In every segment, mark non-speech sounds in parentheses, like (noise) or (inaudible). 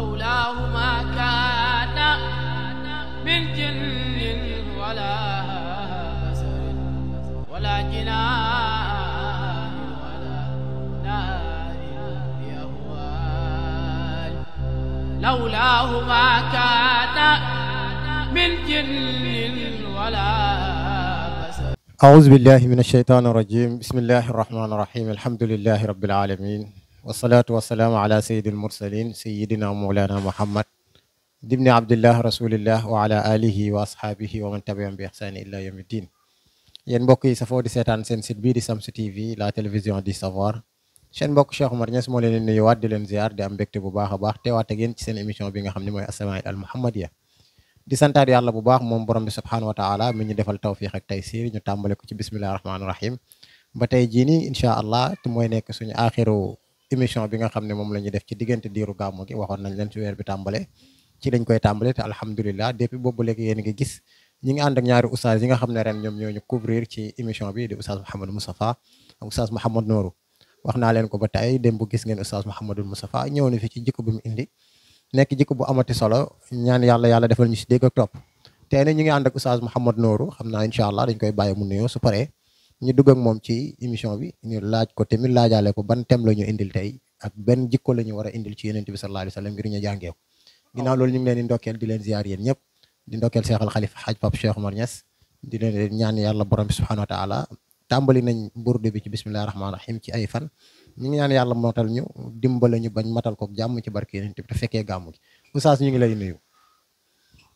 مولاهما كان من جن ولا سر ولا جنان ولا نار لأهوال لولاهما كان من جن ولا أعوذ بالله من الشيطان الرجيم بسم الله الرحمن الرحيم الحمد لله رب العالمين والصلاة والسلام على سيد المرسلين سيدنا مولانا محمد ابن عبد الله رسول الله وعلى آله وأصحابه ومن تبعهم بإحسان إلى يوم الدين yéen mbokk yi safoo di seetaan seen site bii di Shamsu TV la télévision du savoir seen mbokk Cheikh Omar Niass moo leen nuyuwaat di leen ziar di am mbégte bu baax a baax teewaat ak yéen ci seen émission bi nga xam ne mooy As-Shama'il Al Muhammadiyya di santaat yàlla bu baax moom borom bi subhaanahu wa taala mi ñu defal tawfiq ak taysiir ñu tàmbale ko ci bismillahi rahmaani rahim ba tey jii nii incha allah te mooy nekk suñu aaxiru émission bi nga xam ne moom la ñuy def ci diggante diiru gàmmu gi waxoon nañ leen ci weer bi tàmbale ci lañ koy tàmbale te alhamdulilah depuis boobu léegi yéen ngi gis ñi ngi ànd ak yi nga xam ne ren ñoom ñoo ñu couvrir ci émission bi di oustaz Mouhamadou Moustapha ak oustaz Mouhamad Nourou wax naa leen ko ba tey démb gis ngeen oustaz Mouhamadou Moustapha ñëw na ci jikko mu indi nekk jikko bu amati solo ñaan yàlla yàlla defal ñu si dégg ak topp tey nag ñu ngi ànd ak oustaz Mouhamad Nourou xam naa incha allah dañ koy bàyyi mu nuyoo su paree ñu dugg ak moom ci émission bi ñu laaj ko tamit laajaale ko ban thème la indil tey ak benn jikko la ñu war a indil ci yonent bi sallallahu alayhi wa sallam ngir ñu jàngee ko ginnaaw loolu ñu ngi leen di ndokkeel di leen ziar yéen ñëpp di ndokkeel Cheikh Al Khalifa Hadj Pape Cheikh Omar Niass di leen ñaan yàlla borom bi subhanahu wa taala tàmbali ci bismillahi rahmaani ci ay fan ñu ngi ñaan yàlla matal ñu dimbale ñu bañ matal ko jàmm ci barke yonent bi te gi oustaz ñu ngi lay nuyu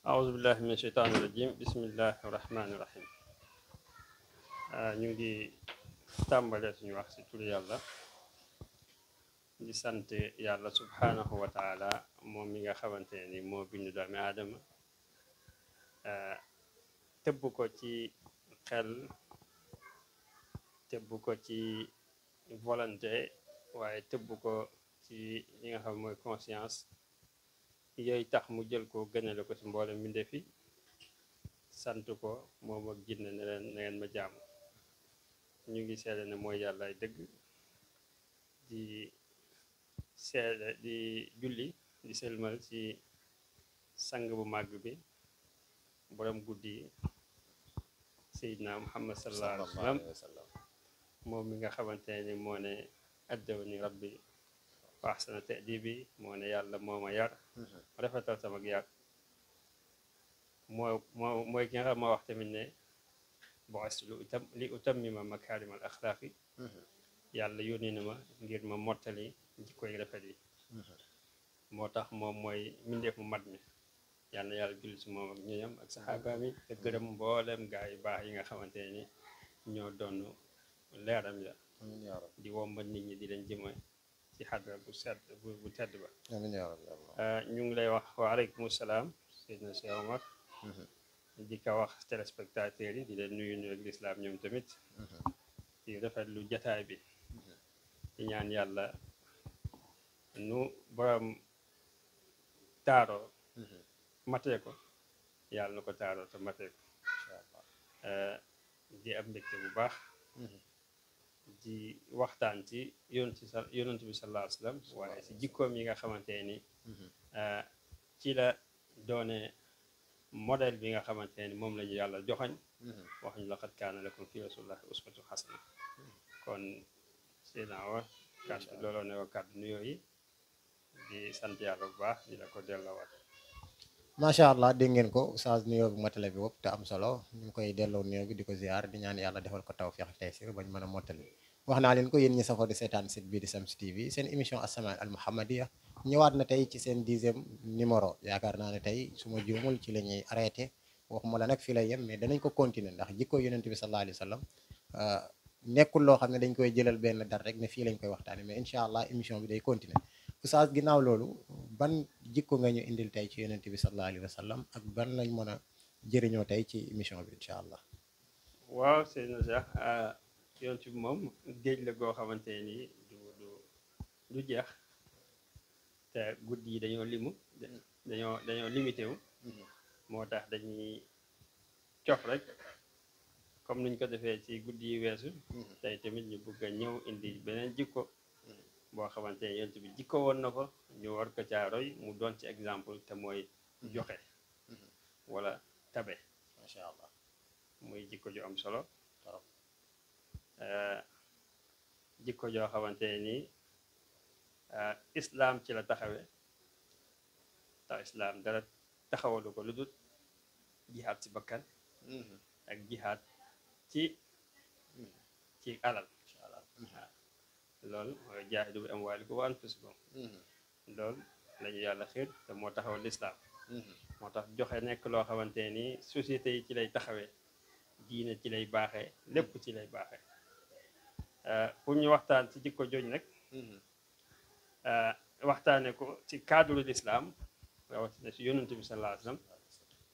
aouzu billahi min shaytaani rajim bismillahi Euh, ñu ngi tàmbalee suñu wax ci turu yàlla di sant yàlla subhanahu wa taala moom mi nga xamante ni moo bindu doomi aadama euh, tëbb ko ci xel tëbb ko ci volonté waaye tëbb ko ci li nga xam mooy conscience yooyu tax mu jël ko gënale ko ci mboolem mbindeef yi sant ko moom ak jinne ne leen na ma jaamu ñu ngi seede ne mooy yàlla ay dëgg di seede di julli di selmal ci sang bu màgg bi borom guddi yi sayidna muhammad sallallahu sallam moom mi nga xamante ni moo ne addawni rabbi wa ahsana ta'dibi moo ne yàlla moo ma yar mhm. rafetal sama yar moo moo mooy ki nga ma wax tamit ne بعث لأتم لأتمم مكارم الأخلاق يعني يونينما غير ما مرتلي ديكو يرفدي موتاخ موم موي مينديف مادمي يعني يال جلس موم اك نيام اك صحابامي تغرم بولم غاي باه ييغا خامتيني ньо دونو ليرام يا امين يا رب دي ومب نيت ني دي لن جيما سي حضره بو سد بو تد با امين يا رب يا الله ا آه، نيغ لاي واخ وعليكم السلام سيدنا سي عمر ديك واخ تيليسبكتاتيري ديال نيو نيو الاسلام نيوم تمت في رفد لو جتايبي نيان يالا نو برام تارو ماتيكو يالا نكو تارو تا ماتيكو ان شاء الله ا دي امبيكتي بو باخ دي وقتانتي يونتي يونتي بي صلى الله عليه وسلم واي سي جيكوم ييغا خامتيني ا تي لا دوني modèle bi nga xamante ne moom lañu yàlla joxoñ mhm. wax ñu laqad kaana lakum fi rasulillahi uswatun hasana kon Seydina Omar kàddu looloo ne wa kàddu nuyoo yi di sant yàlla bu baax di la ko delloowaat. macha allah dégg ngeen ko Oustaz nuyoo bi motale bi wëpp te am solo ñu koy delloo nuyoo bi di ko ziar di ñaan yàlla defal ko tawfiq ak taysir ba ñu mën a motali. wax naa leen ko yéen ñi safoo di seetaan site bii di Shamsu TV seen émission asamaan al muhammadiya ñëwaat na tey ci seen dixième numéro yaakaar naa ne tey su ma juumul ci la ñuy arrêté waxuma la nag fii lay yem mais danañ ko continuer ndax jikko yonent bi sallallahu alayhi wa sallam euh, nekkul loo xam ne dañ koy jëlal benn dar rek ne fii lañ koy waxtaane mais incha allah émission bi day continuer oustaz ginnaaw loolu ban jikko nga ñu indil tey ci yonent bi sallallahu alayhi wa sallam ak ban lañ mën a jëriñoo tey ci émission bi incha allah waaw Seydou euh, bi moom géej la goo xamante ni du du jeex te guddi yi dañoo limu dañoo dañoo limité wu moo tax dañuy cof rek comme niñ ko defee ci guddi yi weesu tey tamit ñu bëgg ñëw indi beneen jikko boo xamante ne yonent bi jikko woon na ko ñu war ko caa roy mu doon ci exemple te mooy joxe wala tabe macha allah muy jikko ju am solo eh, jikko joo xamante nii Euh, islaam ci la taxawe ndax islaam dara taxawalu ko lu dul jihaad si bakkan mm-hmm. ak jihaad ci ci alal loolu mooy jaahidu bi amwaalikum wa anfusikum mm-hmm. loolu lañu yàlla xiir te moo taxawal lislaam mm-hmm. moo tax joxe nekk loo xamante ni société yi ci lay taxawee diine ci lay baaxee lépp ci lay baaxee euh, pour ñu waxtaan ci jikko jooj nag waxtaane ko ci cadre l'islam rawatina ci yonent bi sallallahu alayhi wa sallam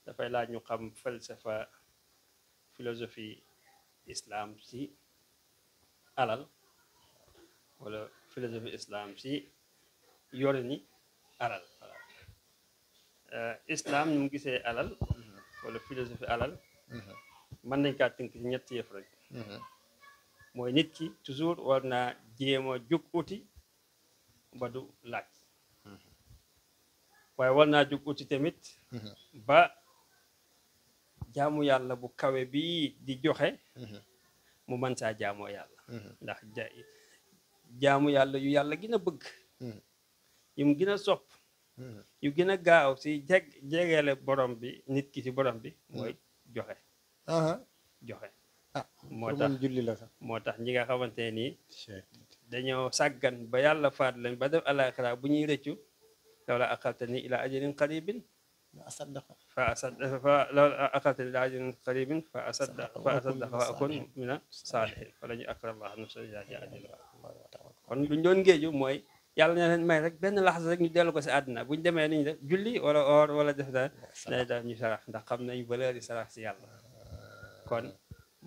dafay laaj ñu xam falsafa philosophie islam ci alal wala philosophie islam ci yore ni alal islam ñu mu gisee alal wala philosophie alal mën nañ kaa tënk ci ñetti yëf rek mooy nit ki toujours war naa jéem a jóg uti ba du laaj waaye war naa jug uti tamit ba jaamu yàlla bu kawee bi di joxe mu mën saa jaamoo yàlla ndax jaamu yàlla yu yàlla gën a bëgg yu mu gën a sopp yu gën a gaaw si jeg jegeele borom bi nit ki si borom bi mooy joxe joxe ah, moo tax moo tax ñi nga xamante nii dañoo sàggan ba yàlla faat leen ba def alaxira bu ñuy rëccu lawla aqaltani ila ajalin qaribin fa asaddaqa lawla aqaltani ila ajalin qaribin fa asaddaqa fa wa akun mina saalihin fa la ñu akra allah nafsan ila ajalin kon lu doon géeju mooy yàlla na leen may rek benn laxas rek ñu dellu ko si àddina bu ñu demee niñu julli wala or wala def da na def ndax xam nañ valeur yi sarax si yàlla kon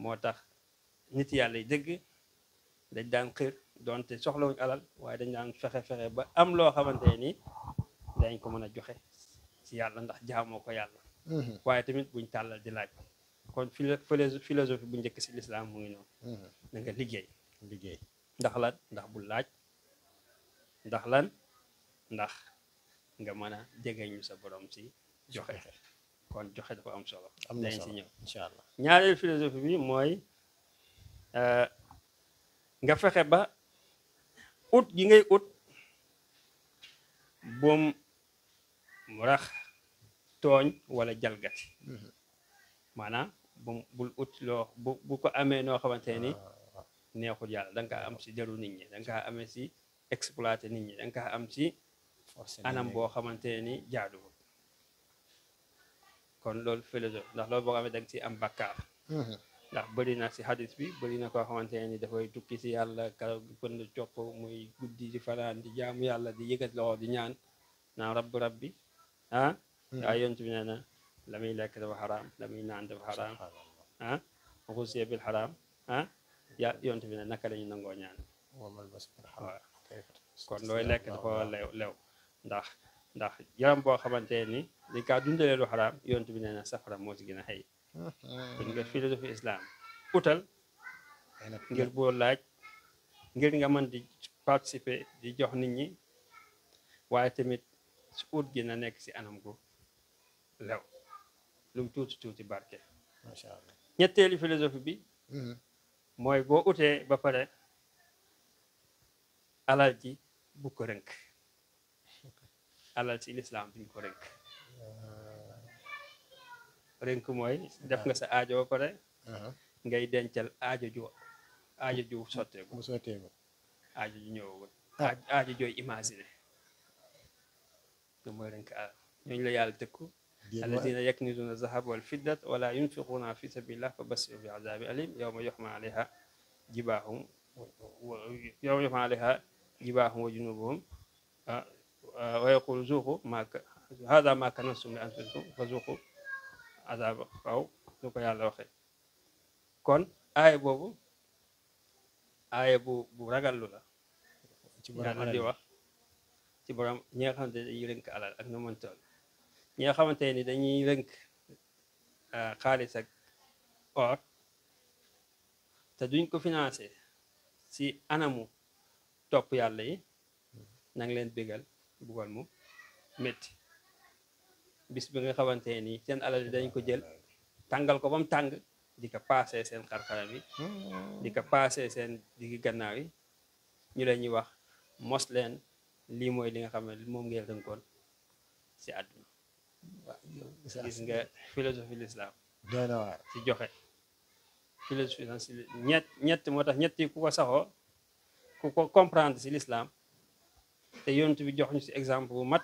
moo tax nit daan xir soxla soxlawuñ alal waaye dañ daan fexe fexe ba am loo xamante nii dañ ko mën a joxe si yàlla ndax jaamoo ko yàlla. Mhm. waaye tamit buñ tàllal di laaj kon philosophie bu njëkk si lislaam mu ngi noonu. Mhm. na nga liggéey. liggéey ndax lan ndax bu laaj ndax lan ndax nga mën a ñu sa borom ci joxe kon joxe dafa am solo. am na solo dañ ci ñëw incha allah ñaareelu philosophie bi mooy euh, nga fexe ba. ut gi ngay ut boom rax tooñ wala jalgati mm-hmm. maanaam bu bul ut loo bu ko amee noo xamante ni ah. neexul yàlla da nga kaa am si jaru nit ñi da nga si exploité nit ñi da nga kaa am si anam boo xamante ni jaaduwul kon loolu philosophie ndax lool boo xamee dang nga si am bakkaar mm-hmm. ndax bëri na si xadis bi bëri na koo xamante ne ni dafay tukki si yàlla karaw gi pënd copp muy guddi di fanaan di jaamu yàlla di yëkkat loxo di ñaan naan rabb rabbi ah hmm. waaye yont bi nee na la muy lekk dafa xaraam la muy naan dafa xaraam ah bil xaraam ah ya yont bi ne naka la nangoo ñaan waaw kon looy lekk ndax ndax yaram boo xamante ni li kaa bi nee na safara moo si gën a xëy kon (laughs) nga philosophie islam utal ngir boo laaj ngir nga man di participer di jox nit ñi waaye tamit su ut gi na nekk ci anam ko lew lum tuuti tuuti barke macha allah ñetteelu philosophie bi mm-hmm. mooy boo utee ba pare alal ji bu ko rënk (laughs) alal ci lislaam biñ ko rënk ah. rënk mooy ah. def nga sa aajo ba pare ngay dencal aajo ju aajo ju sotteeku mu sotteeku aajo ju ñëwagul ah. aajo jooy imaginer loolu mooy rënk alal ñooñu la yàlla tëkku alladina yaknizuna zahab wal fiddat wala yunfiquna fi sabilillah fa basir bi azabi alim yawma yuhma alayha jibaahum yawma yuhma alayha jibaahum wa junubuhum ah, wa yaqulu zuqu ma hada ma kanastum li anfusikum fa zuqu azaaba faw lu ko yàlla waxee kon aaya boobu aaya bu bu ragallu la yàlla di wax ci borom ñi nga dañuy rënk alal ak nu mën toll ñi nga xamante ni dañuy rënk ah, xaalis ak or te duñ ko financé si anamu topp yàlla yi hmm. nang leen bégal bugal mu métti bis bi nga xamante ni seen alal dañ ko jël tangal ko bam tang di ko paase seen xar yi hmm. di ko paase seen digg gannaaw yi ñu leen ñuy wax mos leen lii mooy li nga xam mom ngeel ngeen tënkoon si àdduna waaw gis nga philosophie l'islam doy na waar ci joxe philosophie ñett ñet ñet motax ñet ku ko saxo ku ko comprendre si l'islam te yoonte bi jox ñu exemple bu mat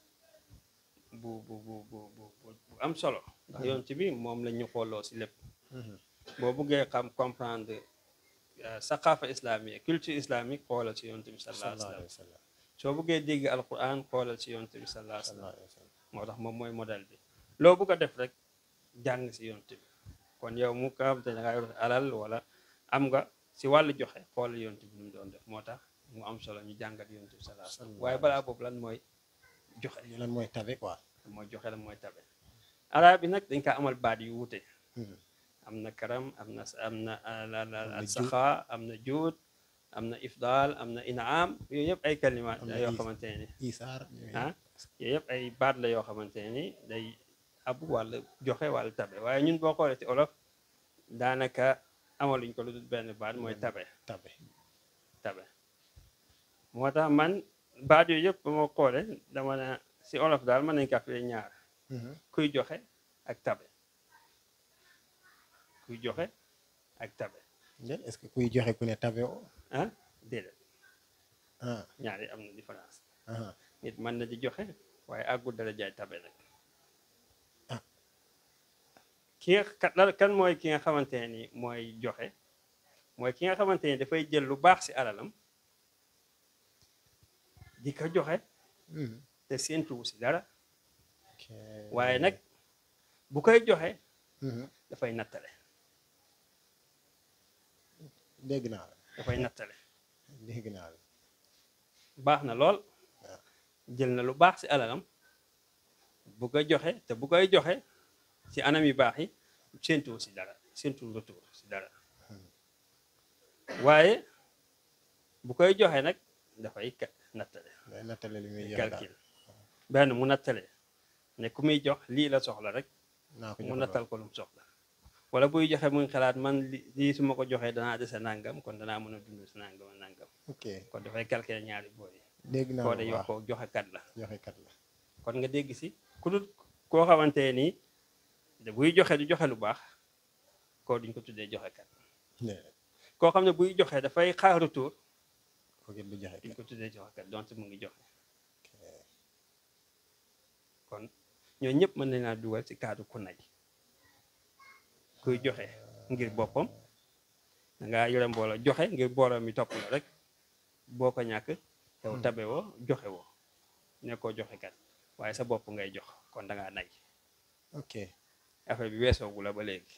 bu bu bu bu bu am solo ndax yoon ci bi moom la ñu xooloo si lépp mhm. boo buggee xam comprendre euh, saqaafa islamique culture islamique xoolal ci yonent bi sallallahu alayhi wa sallam soo buggee dégg alquran xoolal ci yonent bi sallallahu alayhi wa sallam moo tax moom mooy modèle bi loo bugg a def rek jàng si yonent bi kon yow mu ka te dangaa yor alal wala am nga si wàllu joxe xoolal yonent bi lu mu doon def moo tax mu am solo ñu jàngat yonent bi sallallahu alayhi wa sallam waaye balaa boobu lan mooy joxe lan mooy tabe quoi. mooy joxe lan mooy tabe arab yi nag dañ kaa amal baat yu wuute. Hmm. am na karam am na am na al ah, saxaa am na juud am na ifdaal am na inaam yooyu yëpp ay kalimaat la yoo isaar ah yooyu ay baat la yoo xamante ni day abu wàll joxe wàll tabe waaye ñun boo xoolee ci olof daanaka amaluñ ko lu benn baat mooy tabe tabe moo tax man baat yooyu yëpp ba ma xoolee dama ne si olof daal mën nañ ko appelé ñaar mhm. kuy joxe ak tabe kuy joxe ak tabe est-ce que kuy joxe ku ne tabe o ah déedéet ah. ñaari am na différence nit mën na di joxe waaye àggul dara jaay tabe nag ah. ki nga kan mooy ki nga xamante ne ni mooy joxe mooy ki nga xamante ne dafay jël lu baax si alalam di ko joxe hmm. te séentuwu si dara waaye nag bu koy joxe hmm. dafay nattale dégg naa nattale dégg baax na lool ah. jël na lu baax si alalam bu koy joxe te bu koy joxe ci anam yu baax yi séentuwu si dara séentuwu retour si dara hmm. waaye bu koy joxe nag dafay nattale day nattale li muy calcul benn mu nattale ne ku muy jox lii la soxla rek mu nattal ko lu mu soxla wala buy joxe muñ xalaat man lii su ma ko joxee danaa dese nangam kon danaa mën a dund si nangam nangam kon dafay calculer ñaari boor yi dégg naa koo de yox joxe kat la joxe la kon nga dégg si ku dul koo xamante nii de buy joxe du joxe lu baax koo duñ ko tuddee joxe kat koo xam ne buy joxe dafay xaar kooku du joxe duñ ko tuddee joxe kat donte mu ngi joxe kon ñoo ñëpp mën na naa dugal ci cadre ku nay kuy joxe ngir boppam da ngaa yore mbooloo joxe ngir mbooloo mi topp la rek boo ko ñàkk yow hmm. tabe woo joxe woo nekkoo joxe kat waaye sa bopp ngay jox kon da ngaa nay ok bi weesoogu la ba léegi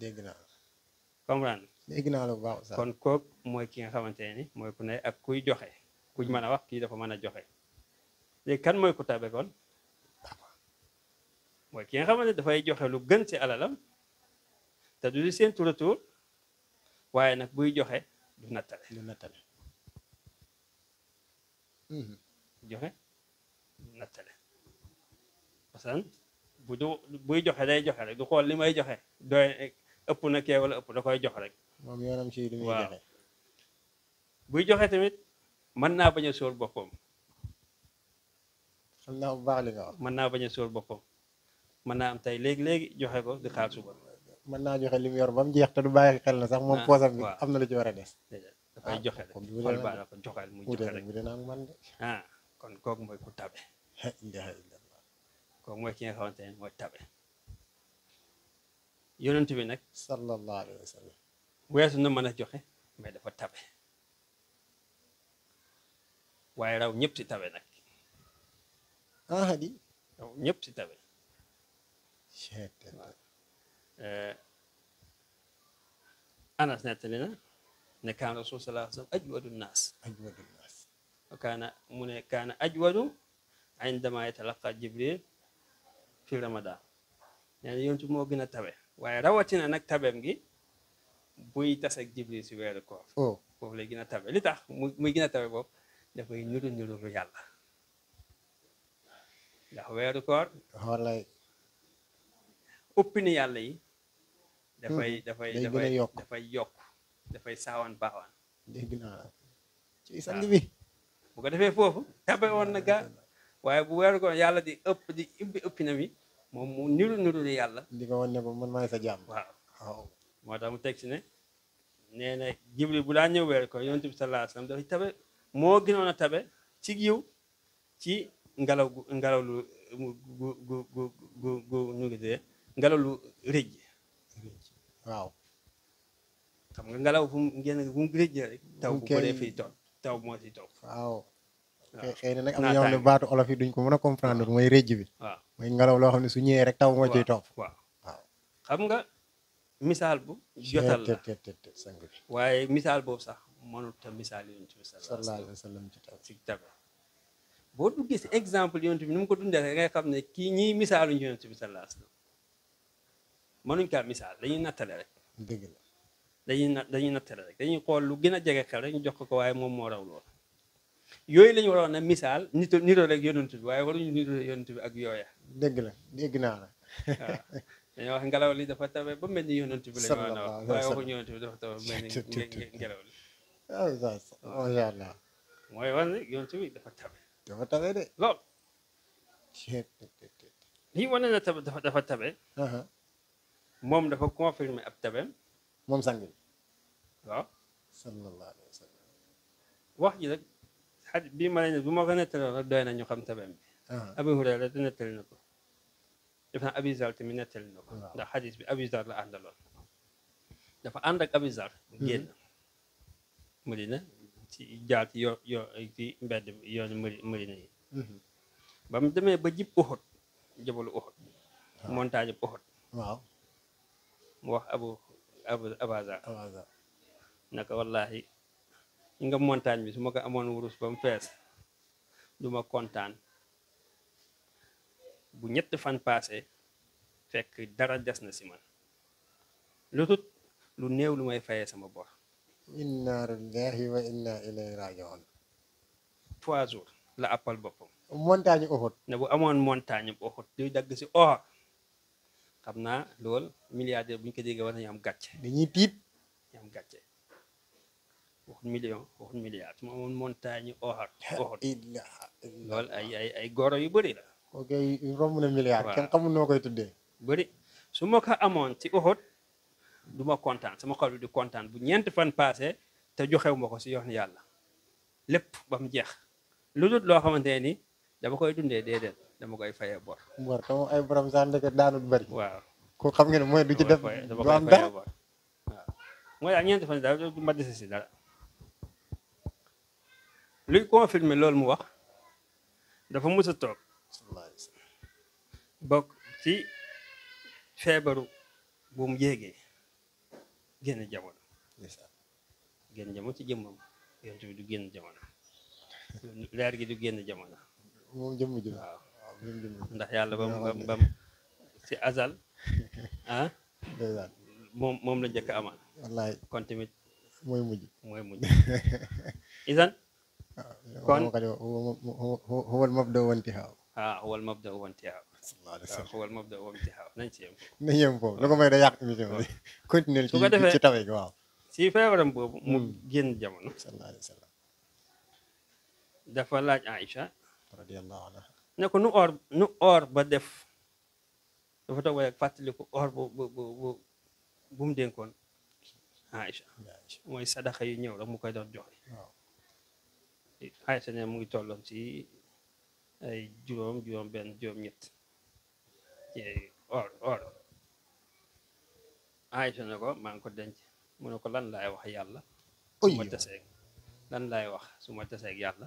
dégg naa léegi naa la bu kon kook mooy ki nga xamante ni mooy ku ne ak kuy joxe kuñ mën a wax kii dafa mën a joxe léegi kan mooy ku tabe kon mooy ki nga xamante dafay joxe lu gën ci alalam te du di seen retour waaye nag buy joxe du nattale du nattale mhm. joxe du nattale bu du buy joxe day joxe rek du xool li may joxe doy ëpp na kee wala ëpp da koy jox rek moom yoonam ci li muy joxe buy joxe tamit mën naa bañ a sóor boppam. xam naa bu baax li mën naa bañ a sóor boppam mën naa am tey léegi léegi joxe ko di xaar suba. mën naa joxe li mu yor ba mu jeex ta du baax xel na sax moom ah, poosam bi am na lu ci war a des. dafay ah, joxe rek xool baax na ko joxal muy joxe rek ah kon kooku mooy ku tabe. kooku mooy ki nga xamante ne mooy tabe. yonent bi nag. sallallahu weesu na mën a joxe mais dafa tabe waaye raw ñëpp ci tabe nag ah di raw ñëpp ci tabe eh, anas nettali na ne kaan rasul sallallahu alayhi wa sallam ajwadu naas kaana mu ne kaana ajwadu indama yatalaqa jibril fi ramadan nee na yontu moo gën a waaye rawatina nag tabeem gi buy tas ak jibril si weeru koor oh. foofu lay gën a tabe li tax mu muy gën a tabe boobu dafay nuru nuru yàlla ndax weeru koor walay uppi ni yàlla yi dafay hmm. dafay dafay dafay ko defee foofu tabe woon na bu weeru koor yàlla di ëpp di ubbi ëppi na mi moom mu niru niru yàlla di ko wan ne man maay sa jàmm waaw moo tax mu teg ci ne nee na jibril bu daa ñëw weer ko yonent bi sallallahu alayhi wasallam dafa tabe moo gënoon a tabe ci yiw ci ngelaw gu ngelaw lu gu ngi dee ngelaw lu rëj waaw xam nga ngelaw fu mu génn bu mu rëj rek taw bu ko dee fii toog taw moo si taw xëy na nag am na ñoo ne baatu olof duñ ko mën a comprendre mooy rëj bi waaw mooy ngelaw loo xam ne su ñëwee rek taw moo ciy topp xam nga misaal bu jotal la waaye misaal boobu sax mënut a misaal yoonu bi sallallahu alayhi wa sallam ci tabe boo duggee si exemple yonent bi ni mu ko dundee rek nga xam ne kii ñii ñiy misaalu yonent bi la alayhi wa sallam mënuñ kaa misaal lañuy nattale rek dëgg la dañuy na dañuy rek dañuy xool lu gën a jege xel rek ñu jox ko ko waaye moom moo raw lool yooyu la waroon a misaal nito nito rek yonent bi waaye ñu nito yonent bi ak yooya dëgg la dégg naa la dañoo wax ngelaw li dafa tawe ba mel ni yonent bi la ñu wax waaye waxuñu yonent bi dafa tawe ba mel ni ngelaw li macha allah mooy wax ne yonent bi dafa tawe dafa tawe de lool lii wane na tabe dafa dafa tabe moom dafa confirmer ab tabeem moom sang bi waaw sallallahu alayhi wa sallam wax ji rek xaj bi ma la ne bu ma ko nettaloon rek doy na ñu xam tabeem bi Abu Hurayra nettali na ko def naa abizar tamit nettali na ko ndax xadis bi abizar la àndaloon dafa ànd ak abizar génn Madina mhm. ci jaar ci ci mbedd yoon Madina yi mhm. ba mu demee ba jib Uhud jabalu Uhud montagne bu Uhud mu wax abu abu abazar naka wallaahi nga montagne bi su ma ko amoon wurus ba mu fees du kontaan bu ñett fan paase fekk dara des na si man lu lu néew lu may fayee sama bor inna lillahi wa la appal boppam amoon montagne oxot dagg si oxor lool milliardaire bu ko déggee war am gàcce dañuy tiit ñu am gàcce waxut million waxut milliard su ma lool ay goro yu bari la ok romb na milliard. waaw kenn xamul noo koy tuddee. bëri su ma ko amoon ci Uhud du ma kontaan ma xol bi du kontaan bu ñeent fan passé te joxewu ma ko si yoon yàlla lépp ba mu jeex lu dul loo xamante ne ni dama koy dundee déedéet dama koy fayee bor. ay borom sax ndeke daanut bëri. waaw xam nga ne mooy du ci def. du am dara waaw mooy daal ñeenti fan daal du ma dese dara. luy confirmer loolu mu wax dafa mës a toog. bokk ci feebaru bu mu yéegee génn jamono génn jamono ci jëmmam yonent du génn jamono leer gi du génn jamono moom jëmm ji ndax yàlla ba mu ba mu ci (laughs) ah, moom la jëkk amal wallaay kon tamit mooy mujj mooy mujj (laughs) isan ah, kon huwa al mabda wa intihaa هو آه، المبدا هو انتهاء هو المبدا هو انتهاء نانتيام نانتيام بوب لوكو ماي دا ياك ايميشن دي كونتينيل تي تي تاوي جو واو سي فيبرام بوب مو جين جامونو صلى الله عليه وسلم دا فا لاج عائشه رضي الله عنها نكو نعم، نو اور نو اور با ديف دا فا تاوي فاتليكو اور بو بو بو بو بوم دينكون عائشه موي صدقه يي نيو لا موكاي دون جوخ عائشه نه نعم، موي تولون سي ay juróom juróom benn juróom ñett ci or or Aysa ne ko maa ngi ko denc mu ne ko lan laay wax yàlla su ma taseeg lan laay wax su ma taseeg yàlla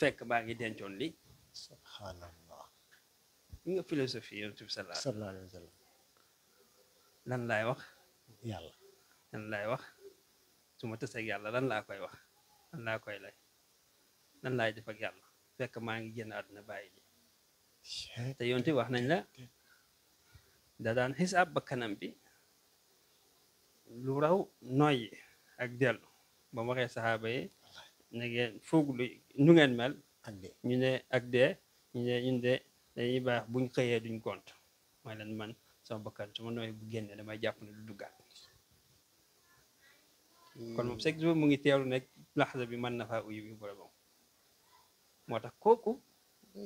fekk baa ngi dencoon li subhanallah ñi nga lan laay wax yàlla lan laay wax su ma taseeg yàlla lan laa koy wax lan laa koy lay lan laay def yàlla fekk maa ngi génn àdduna bàyyi ji te yonti wax nañ la da daan xisaab bakkanam bi lu raw noyyi ak dellu ba mu waxee saxaaba yi na ngeen foog lu ñu ngeen mel ñu ne ak dee ñu ne ñun de dañuy baax buñ xëyee duñ gont mooy leen man sama bakkan su ma nooy bu génnee damay jàpp ne du duggaat kon moom chaque jour mu ngi teewlu nekk laxasa bi mën na faa uyu bi boromam moo tax kooku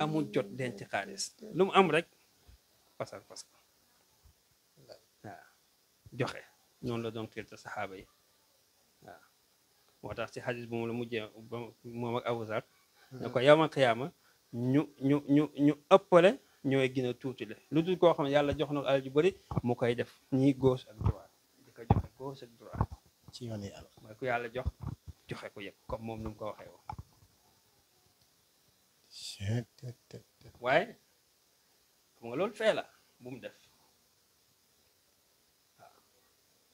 amul jot denc mm. xaalis lu mu am rek pasar pasar waaw joxe noonu la doon xiirta saxaaba yi waaw moo tax ci xadis bu mu la mujjee moom ak abuzar ne ko yawma qiyaama ñu ñu ñu ñu ëppale ñooy gën tuuti le lu dul koo xam ne yàlla jox na alal ju bëri mu koy def ñii goos ak droite di ko joxe gauche ak droite ci yoon yàlla mooy ku yàlla jox joxe ko yëpp comme moom nu mu ko waxee woon waaye xam nga loolu fee la bu mu def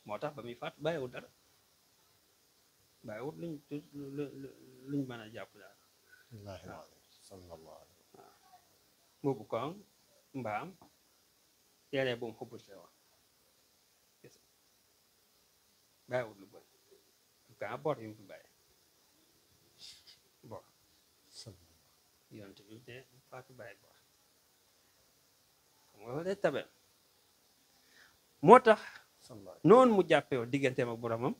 moo tax ba muy faat bàyyiwul dara bàyyiwul luñ luñ mën a jàpp daal waaw waaw mbubu koŋ mbaam yére bu mu xubbuse woon bàyyiwul lu bon gaa boot yu mu fi yonent bi te faatu baay ba xam nga loolu day moo tax noonu mu jàppee digganteem ak boromam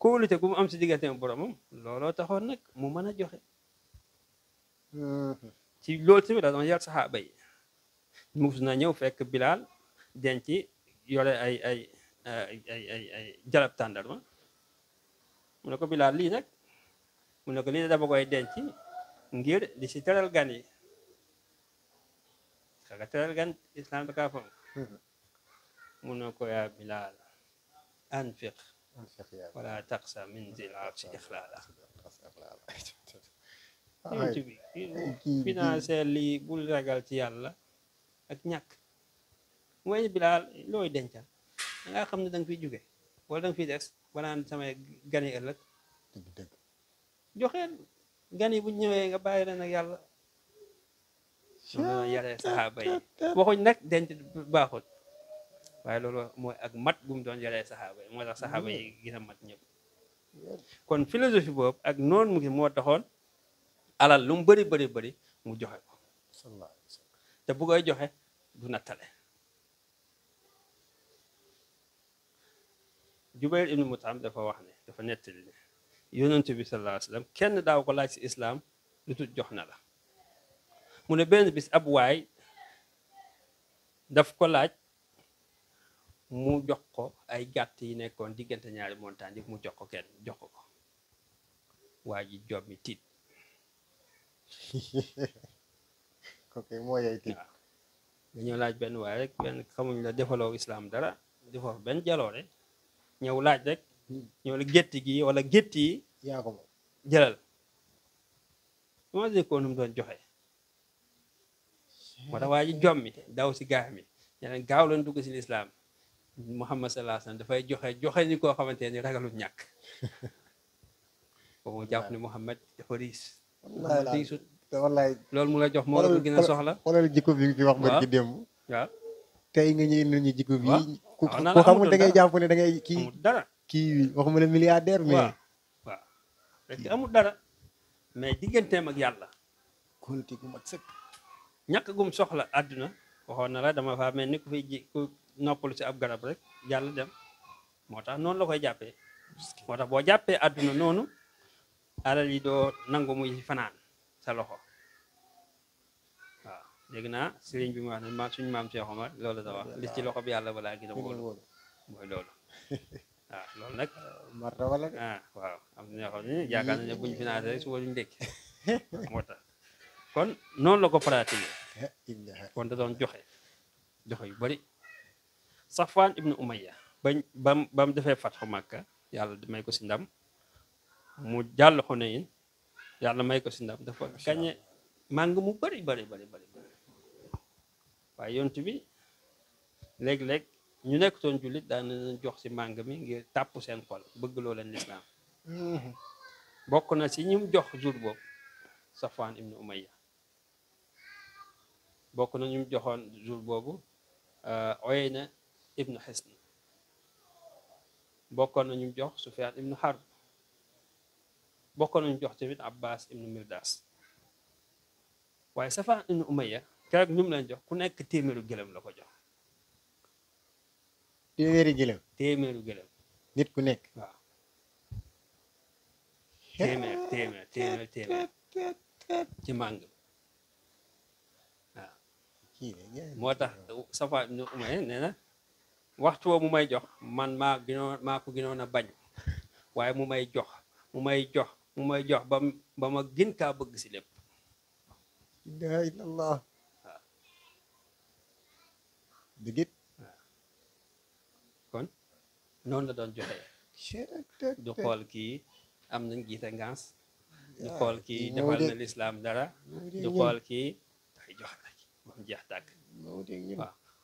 kóolute gu mu am si digganteem ak boromam looloo taxoon nag mu mën a joxe mm-hmm. ci loolu tamit daa doon yar saxaaba yi na ñëw fekk bilaal denc yore ay ay ay jalab tàndarma mu ne ko bilaal lii nag mu ne ko lii ne dafa koy denc ngir li si teral gan yi kaga gan islam kaa fonk hmm. mun na ko yaa bilaal anfiq wala taqsa min zil arshi ixlaala ci (laughs) bi financé lii bul ragal ci yàlla ak ñàkk mooy bilaal looy denca da nga xam ne da nga jóge wala da nga des banaan samay gani ëllëg joxeel nga yi bu ñëwee nga bàyyi leen ak yàlla. su ma yaree saxaaba yi waxuñ nag denc baaxul waaye loolu mooy ak mat gum doon yaree saxaaba yi moo tax saxaaba yi gën mat ñëpp. kon philosophie boobu ak noonu mu ngi moo taxoon alal lu bari bëri bari mu joxe ko. te bu koy joxe du nattale. Jubayr ibnu Mutaam dafa wax ne dafa nettali ne. yonent bi sallallahu alayhi wa kenn daaw ko laaj si islaam lu tut jox na la mu ne benn bis ab waay daf ko laaj mu jox ko ay gàtt yi nekkoon diggante ñaari montagne mu jox ko kenn jox ko ko waa ji job mi tiit ok moo nga ñëw laaj benn waay rek benn xamuñ la defaloo islaam dara defoo benn jaloore ñëw laaj rek wala gétt gi wala gétt yi yaa ko moom jëlal commencé koo nu doon joxe moo tax waa jommi daw si gaaf mi yeneen gaaw dugg si lislaam Muhammad sallallahu alayhi wasallam dafay joxe joxe ni koo xamante ni ragalut ñàkk boobu jàpp ne Muhammad dafa riis riisut loolu mu la jox moo gën a soxla xoolal jikko bi nga fi ñëw ñu jikko bi ku xamul da ngay jàpp ne da kii kii waxuma la milliardaire. mais waaw waaw parce amul dara mais digganteem ak yàlla. konti gu mat sëkk. ñàkk gum soxla àdduna waxoon na la dama fa mel ni ku fay ji noppalu si ab garab rek yàlla moo tax noonu la koy jàppee. moo boo jàppee àdduna noonu alal yi doo nangu muy fanaan sa loxo waaw dégg naa sëriñ bi mu wax maam Cheikh Omar loolu la loxo bi yàlla balaa gis. mooy loolu loolu. (laughs) waaw ah, loolu nag. Euh, martaba la de. ah waaw am na ñoo xam (laughs) kon noonu la ko pratiqué. kon da doon joxe joxe yu bari Safwaan ibnu Umayya bañ bam ba mu defee fatxu Màkka yàlla may ko si ndam mu jàll Xunayn yàlla may ko si ndam dafa gañe màng mu bari bari bari bari waaye yontu bi léeg ñu nekk toon jullit daan nañ jox si màng mi ngir tàpp seen xol bëgg loo leen lislaam mhm. bokk na si ñim jox jour boobu Safwaan ibnu Umayya bokk na ñu joxoon jour boobu euh, Uyayna ibnu Hisn bokkoon na ñu jox Sufyaan ibnu Harb bokkoon nañu jox tamit Abbas ibnu Mirdas waaye Safwaan ibnu Umayya keroog ñu mu leen jox ku nekk téeméeru gëlëm la ko jox téeméeri gëlëm. téeméeri gëlëm. nit ku nekk. waaw téeméer téeméer téeméer téeméer ci màng. waaw. moo tax safa ñu nee na waxtu mu may jox man maa gënoon maa ko gënoon a bañ waaye mu may jox mu may jox mu may jox ba ba ma kaa bëgg si lépp. noonu la doon joxee du xool kii am nañ jiite ngaas ah, du xool kii defal na lislaam dara du xool kii tay tàkk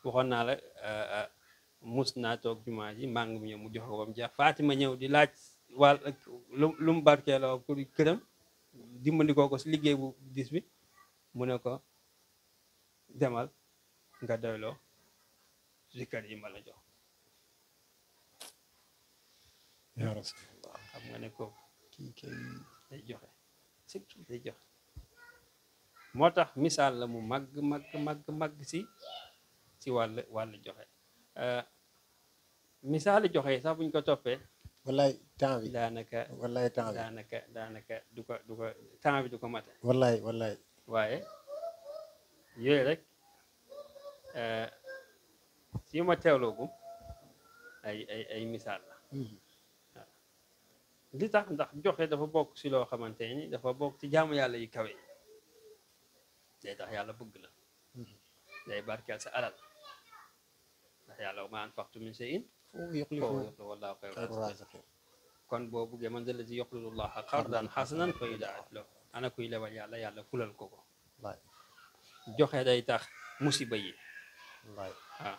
waxoon naa la ah, ah, mus naa toog jumaa ji maa ngi mu ñëw jox ko mu jeex Fatima ñëw di laaj wàll lu lu barkeeloo pour këram dimbali koo ko si liggéey bu dis bi mu ne ko demal nga doyloo zikar yi ma la jox xam nga ne kooku kii moo tax misaal la mu mag màgg màgg màgg si si wàll wàll joxe eh, misaali joxe sax buñ ko toppee wallaay temps bi daanaka wallaay temps bi daanaka du ko du ko temps du ko mate wallaay wallaay waaye yooyu rek si ma teewloogu ay ay ay misaal la li tax ndax joxe dafa bokk si loo xamante ni dafa bokk ci jaamu yàlla yu kawe day tax yàlla bëgg la day barkeel sa alal ndax yàlla ma anfaqtu min shay'in yuxlifuhu wallaahu xayrul raaziqiin kon boo buggee man dala si yuqridu llaaha qardan xasanan fa yudaa'ifu lahu ana kuy lebal yàlla yàlla fulal ko ko joxe day tax musiba yi waaw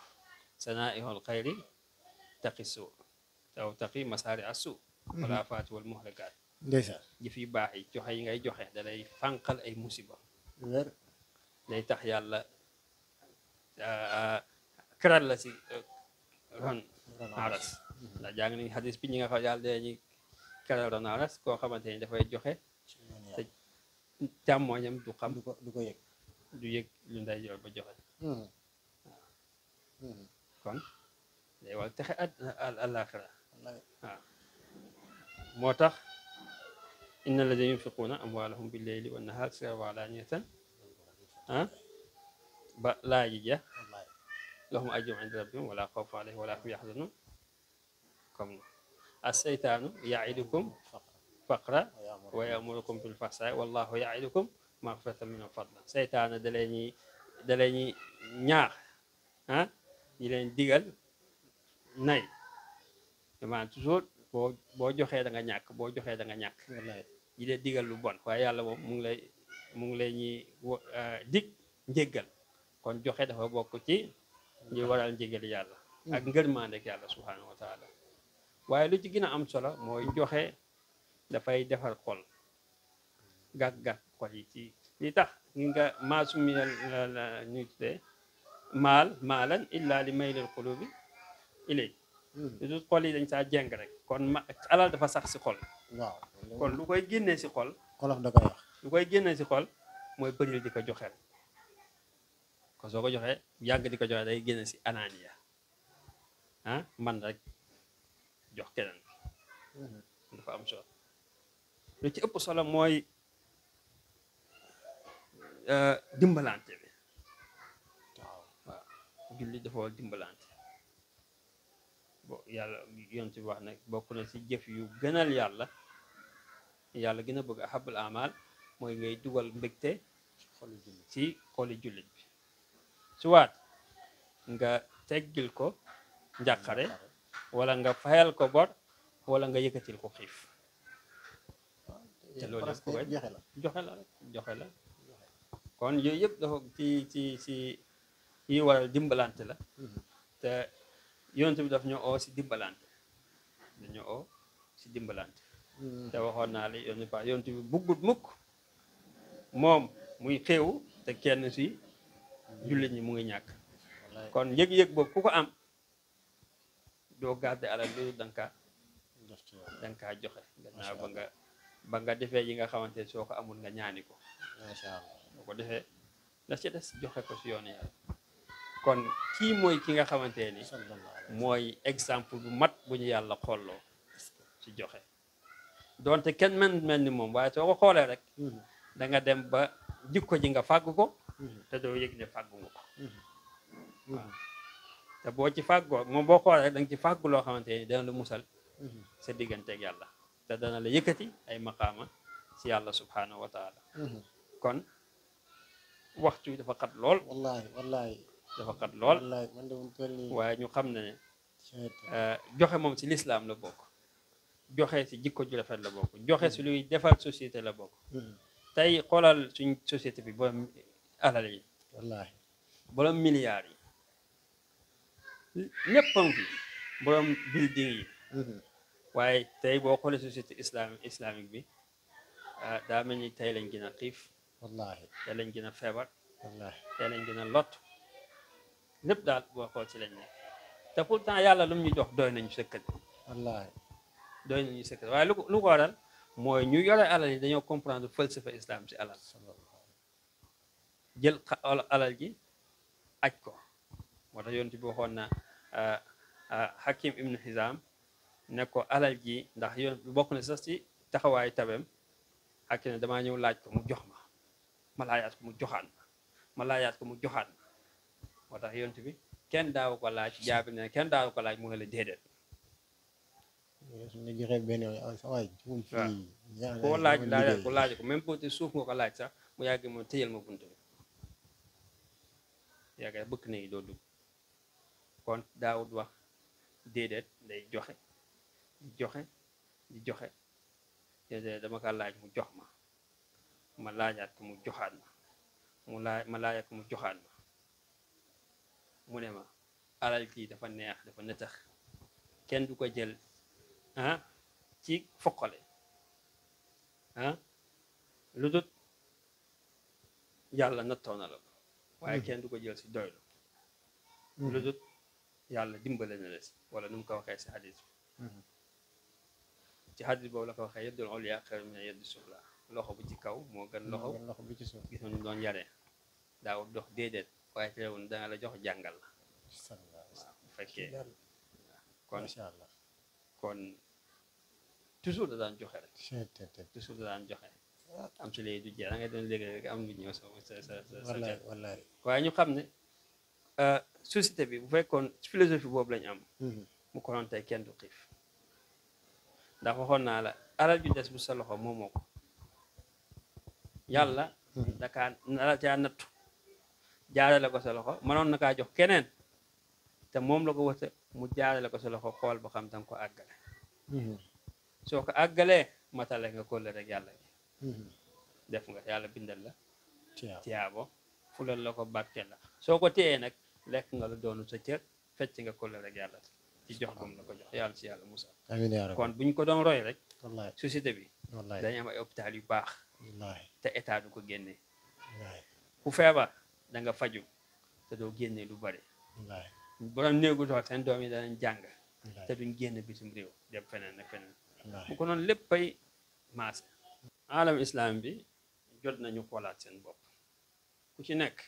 sanaa'ihul xayri taqi suu aw taqi masaari as suu xalaafaat wal muhlakaat ndeysaan jëf yu baax yi joxe yi ngay joxe dalay fànqal ay musiba day tax yàlla këral la si ron aras ndax jàng nañu xadis bi ñi nga xam yàlla dañuy këral ron aras koo xamante ni dafay joxe te càmmooñam du xam du yëg lu nday joor ba joxe kon day wal texe at àllaaxira waaw موتاخ ان الذين ينفقون اموالهم بالليل والنهار سرا وعلانية ها لا يجي لهم اجر عند ربهم ولا خوف عليهم ولا هم يحزنون كم الشيطان يعدكم فقرا ويامركم بالفحشاء والله يعدكم مغفرة من الفضل الشيطان دليني دليني نياخ ها يلين ديغل ناي كما توجور boo boo joxee da nga ñàkk boo joxee danga nga ñàkk di dee digal lu bon waaye yàlla moom mu ngi lay mu ngi lay ñuy euh, dig njéggal kon joxe dafa bokk ci ñuy waral njéggal yàlla ak hmm. ngërmaandek yàlla subhaanahu wa waaye lu ci gën a am solo mooy joxe dafay defar xol gàgg-gàgg xol yi ci li tax nga maasum la ñu tuddee maal maalan illa li maylil qulubi ilay hmm. lu xol yi dañ saa jeng rek kon ma alal dafa sax si xol. waaw kon lu koy génnee si xol. xolof da ko wax lu koy génnee si xol mooy bëril di ko joxeel kon soo ko joxee yàgg di ko joxe day génne si ananiya ah man rek jox keneen mm-hmm. dafa am solo lu ci ëpp solo mooy euh, dimbalante bi waaw waaw julli dafa dimbalante yàlla yonent bi wax ne bokk na ci jëf yu gënal yàlla yàlla gën a bëgg ahabul amal mooy ngay dugal mbégte ci xooli jullit bi suwaat nga teggil ko njàqare wala nga fayal ko bor wala nga yëkkatil ko xiif te loolu yëpp joxe la kon yooyu yëpp dafa ci ci ci waral dimbalante la mm-hmm. yonent bi daf ñoo oo si dimbalante dañu oo si dimbalante hmm. te waxoon naa la yonent bi yonent buggut mukk moom muy xéewu te kenn si jullit ñi mu ngi ñàkk kon yëg-yëg boobu ku ko am doo garde alal loolu da nga kaa nga kaa joxe gannaaw ba nga ba nga defee yi nga xamante soo ko amul nga ñaani ko boo ko defee la ci des joxe ko si yoonu yàlla kon kii mooy ki nga xamante ni mooy exemple bu mat bu ñu yàlla xolloo ci joxe donte kenn mën mel ni moom waaye soo ko xoolee rek danga dem ba jikko ji nga fàgg ko te doo yëg ne fàggu nga ko te boo ci fàggoo moom boo xoolee rek da ci fàgg loo xamante ni dana la musal sa digganteeg yàlla te dana la yëkkati ay maqaama ci yàlla subhanahu wa taala mm-hmm. kon waxtu dafa xat lool dafakat lol lool ñu xam ne joxe mom ci l'islam la bok joxe ci jikko ju rafet la bok joxe ci luy defal société la bok tay xolal suñ société bi bo alal yi wallahi borom milliards yi léppam fi borom building yi waaye tay bo xoolee société islam islamique bi da mel ni tey lañ gën xif wallahi da tey lañ gën a feebar wallaahi tey lañ gën lot lépp daal boo xool ci lañ nekk te pourtant yàlla lu mu ñu jox doy nañu sëkkal wallaahi doy nañu sëkkal waaye lu ko waral mooy ñu yore alal yi dañoo comprendre falsafa islam ci alal jël alal ji aj ko moo tax yonent bi waxoon na ah, ah, Hakim Ibn Hizam ne ko alal ji ndax yoon bokk na sax ci taxawaayu tabem Hakim ne damaa ñëw laaj ko mu jox ma ma laajaat ko mu joxaat ma ma laajaat ko mu joxaat ma moo tax yonent bi kenn daaw ko laaj jaabir kenn daaw ko laaj mu ne la déedéet ah, waaw koo laaj laaj ko laaj ko même peut laaj sax mu yàgg mu tëjal ma bunt bi kon daawut wax déedéet day joxe di joxe di joxe dama ko laaj mu jox ma ma laajaat ko mu joxaat ma mu laajaat ko mu joxaat ma mu ne ma alal kii dafa neex dafa nëtëx kenn du ko jël ah ci foqale ah lu dut yàlla nattoo na la ko waaye kenn du ko jël si doylu lu dut yàlla dimbale na la si wala nu mu ko waxee si xadis bi ci xadis boobu la ko waxee yedul oliya xeer mi ne yeddu suuf la loxo bu ci kaw moo gën loxo bu ci suuf gis nañu doon yaree daaw dox déedéet waaye teewul dana la jox jàngal la waaw bu fekkee kon kon toujours da daan joxe rek toujours da daan joxe am si léegi du jeex da ngay doon léegi rek am lu ñëw sa sa sa waaye ñu xam ne euh, société bi bu fekkoon philosophie boobu lañu am mm-hmm. mu ko doon tey kenn du xiif ndax waxoon naa la alal ju des bu sa loxo moo moo ko yàlla mm-hmm. dakaa alal caa nattu jaarale ko sa loxo manoon na kaa jox keneen te moom la ko wërsëg mu jaarale ko sa loxo xool boo xam danga ko àggale mhm. soo ko àggalee matale nga kólle rek yàlla gi mhm. def nga yàlla bindal la tiyaabo fulal la ko barke la soo ko téyee nag lekk nga lu doonu sa cër fecc nga kólle rek yàlla ci jox gum la ko jox yàlla si yàlla musa kon bu ñu ko doon roy rek société bi dañu am ay hôpital yu baax te état du ko génnee ku feebar da nga faju te doo génne lu bare borom néegu dool seen doom yi danañ jàng te duñ génn bitim réew dem feneen ak ko noonu lépp ay maase alam islam bi jot nañu xoolaat seen bopp ku ci nekk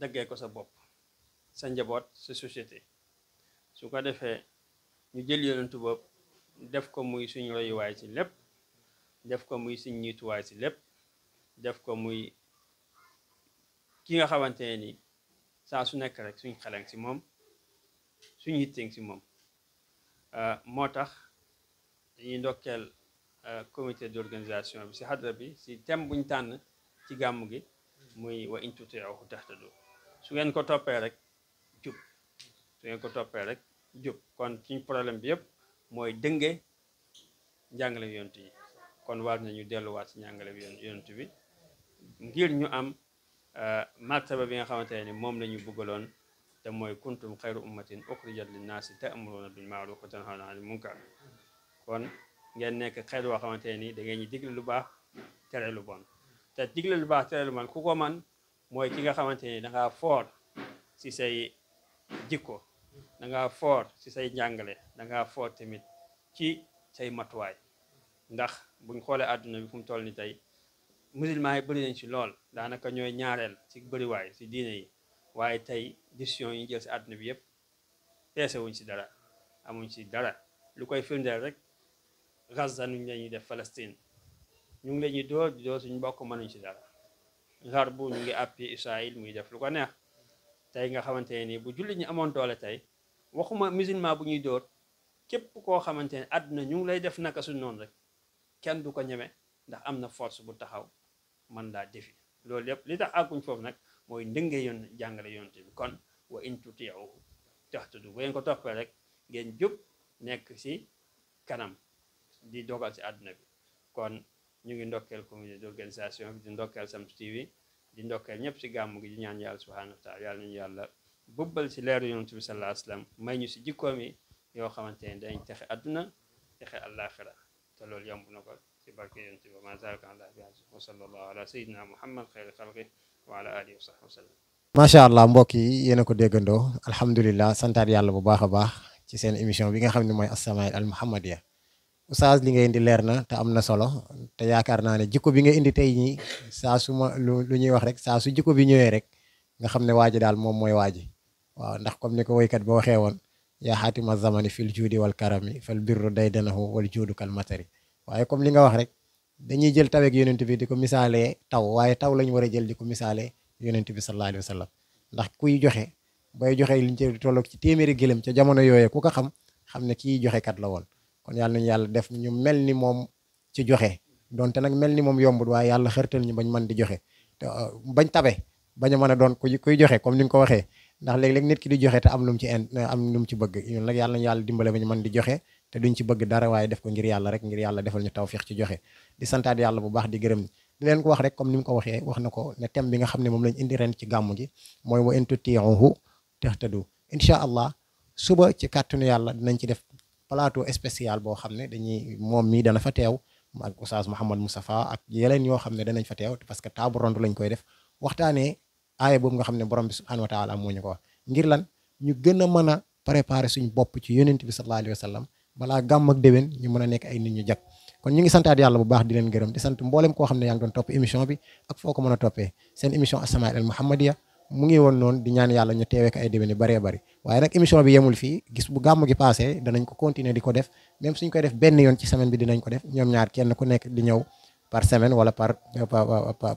daggee ko sa bopp sa njaboot sa société su ko defee ñu jël yonentu bopp def ko muy suñu royuwaay ci lépp def ko muy suñ ñiituwaay si lépp def ko muy ki nga xamante ni saa su nekk rek suñ xelan si moom suñ yitteeng si moom euh, moo tax dañuy ndokkeel euh, comité d'organisation bi si xadra bi si thème buñ tànn ci gàmm gi muy wa in tuti'uhu tahtadu su ngeen ko toppee rek jub su ngeen ko toppee rek jub kon suñ problème bi yëpp mooy dënge njàngale yontu yi kon war nañu delluwaat si njàngale yontu bi ngir ñu am مرتبة بين خامتين موم لنيو بغلون تموي كنتم خير أمة أخرجة للناس تأمرون بالمعروف وتنهون عن المنكر كون جنك خير وخامتين دغيني ديغل لو باخ تري لو بون تا تري لو بون موي كيغا خامتين داغا فور سي ديكو داغا فور سي سي جانغلي فور تيميت تي سي ماتواي نداخ بون بكم تولني تاي musulman yi bëri nañ ci lool daanaka ñooy ñaareel ci bëriwaay ci diine yi waaye tey décision yi jël si àdduna bi yëpp peese wuñ ci dara amuñ ci dara lu koy firndeel rek Gaza nuñ la ñuy def Palestine ñu ngi la ñuy dóor di dóor suñu mbokk mënuñ ci dara xar bu ñu ngi àppi Israël muy def lu ko neex tey nga xamante ne nii bu jullit ñi amoon doole tey waxuma musulman bu ñuy dóor képp koo xamante ne àdduna ñu ngi lay def naka suñ noonu rek kenn du ko ñeme ndax am na force bu taxaw man laa defi loolu yëpp li tax àgguñ foofu nag mooy ndëngee yoon jàngale yonent bi kon wa in tutiihu tahtadu bu ngeen ko toppee rek ngeen jub nekk si kanam di dogal si àdduna bi kon ñu ngi ndokkeel comité d'organisation bi di ndokkeel Shamsu TV di ndokkeel ñëpp ci gàmm gi di ñaan yàlla subhanahu wa taala yàlla nañu yàlla bubbal si leeru yonent bi sallallahu alayhi wa sallam may ñu si jikkoom yi yoo xamante ne dañ texe àdduna texe àllaaxira te loolu yomb na ko باقي انت وما زالك على الاعجاز وصلى الله على سيدنا محمد خير خلقه وعلى اله وصحبه وسلم ما شاء الله مبوكي ينكو ديغندو الحمد لله سنتار يالله بو باخا باخ سي سين ايميشن بيغا خامني موي السماء المحمديه استاذ لي غاندي ليرنا تا امنا سولو تا ياكارنا ني جيكو بيغا اندي تاي ني سا سوما لو ني واخ رك سا سو جيكو بي نيوي رك غا خامني واجي دال موم موي واجي واو ندخ كوم نيكو وي كات بو خيوون يا حاتم الزمان في الجود والكرم فالبر ديدنه والجود كالمتري waaye comme li nga wax rek dañuy jël taweeg yonent bi di ko misaalee taw waaye taw lañu war a jël di ko misaalee yonent bi sallallahu alayhi wa sallam ndax kuy joxe bay joxe liñ ci tolloog ci téeméeri gëlëm ca jamono yooyee ku ko xam xam ne kii joxe kat la woon kon yàlla nañu yàlla def ñu mel ni moom ci joxe donte nag mel ni moom yombut waaye yàlla xërtal ñu bañ mën di joxe te uh, bañ tabe bañ a mën a doon kuy joxe comme ni nga ko waxee ndax léeg-léeg nit ki di joxe te am lu mu ci am lu mu ci bëgg ñun nag yàlla nañu yàlla dimbale bañ mën di joxe te duñ ci bëgg dara waaye def ko ngir yàlla rek ngir yàlla defal ñu taw feex ci joxe di santaat yàlla bu baax di gërëm di leen ko wax rek comme ni mu ko waxee wax na ko ne thème bi nga xam ne moom lañ indi ren ci gàmm gi mooy wa in tutiihu incha allah suba ci kàttanu yàlla dinañ ci def plateau spécial boo xam ne dañuy moom mii dana fa teew ak oustaz Mouhamed Moustapha ak yeneen yoo xam ne danañ fa teew parce que taabu rond lañ koy def waxtaanee aaya boobu nga xam ne borom bi subhanahu wa taala ko wax ngir lan ñu gën a mën a préparer suñu bopp ci yonent bi sallallahu alayhi wa sallam bala gam ak dewen ñu mëna nek ay nit ñu bah kon ñu ngi yalla bu baax di leen gërëm di sant mboolem ko xamne ne doon top émission bi ak foko ko topé a seen émission asmaïl al-Muhammadiyya mu ngi won non di ñaan yalla ñu téwé ko ay dewen bari bari waye nak émission bi yemul fi gis bu gam gi passé danañ ko continuer di def même suñ koy def ben yoon ci semaine bi dinañ ko def ñom ñaar kenn ku nek di ñew par semaine wala par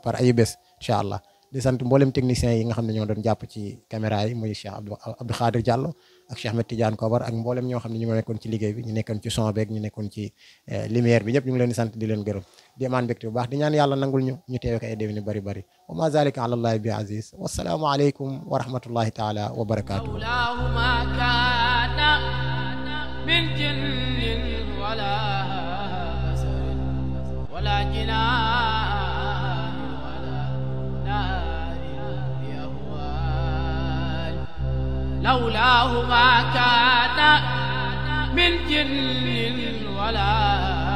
par ayu par incha di sant mboolem technicien yi nga xamne ñoo doon japp ci caméra yi moy Cheikh Abdou Abdou Khadir Diallo ak Cheikh Ahmed Tidiane Kobar ak mboolem ñoo xam ne ñu ma nekkoon ci liggéey bi ñu nekkoon ci son beeg ñu nekkoon ci eh, lumière bi ñëpp ñu leen di di leen gërëm di amaan mbégte bu baax di ñaan yàlla nangul ñu ñu teewe ko ay bari bari wa ma zalika ala bi aziz wasalaamu aleykum wa rahmatullahi taala wa barakaatu لولاه ما كان من جن ولا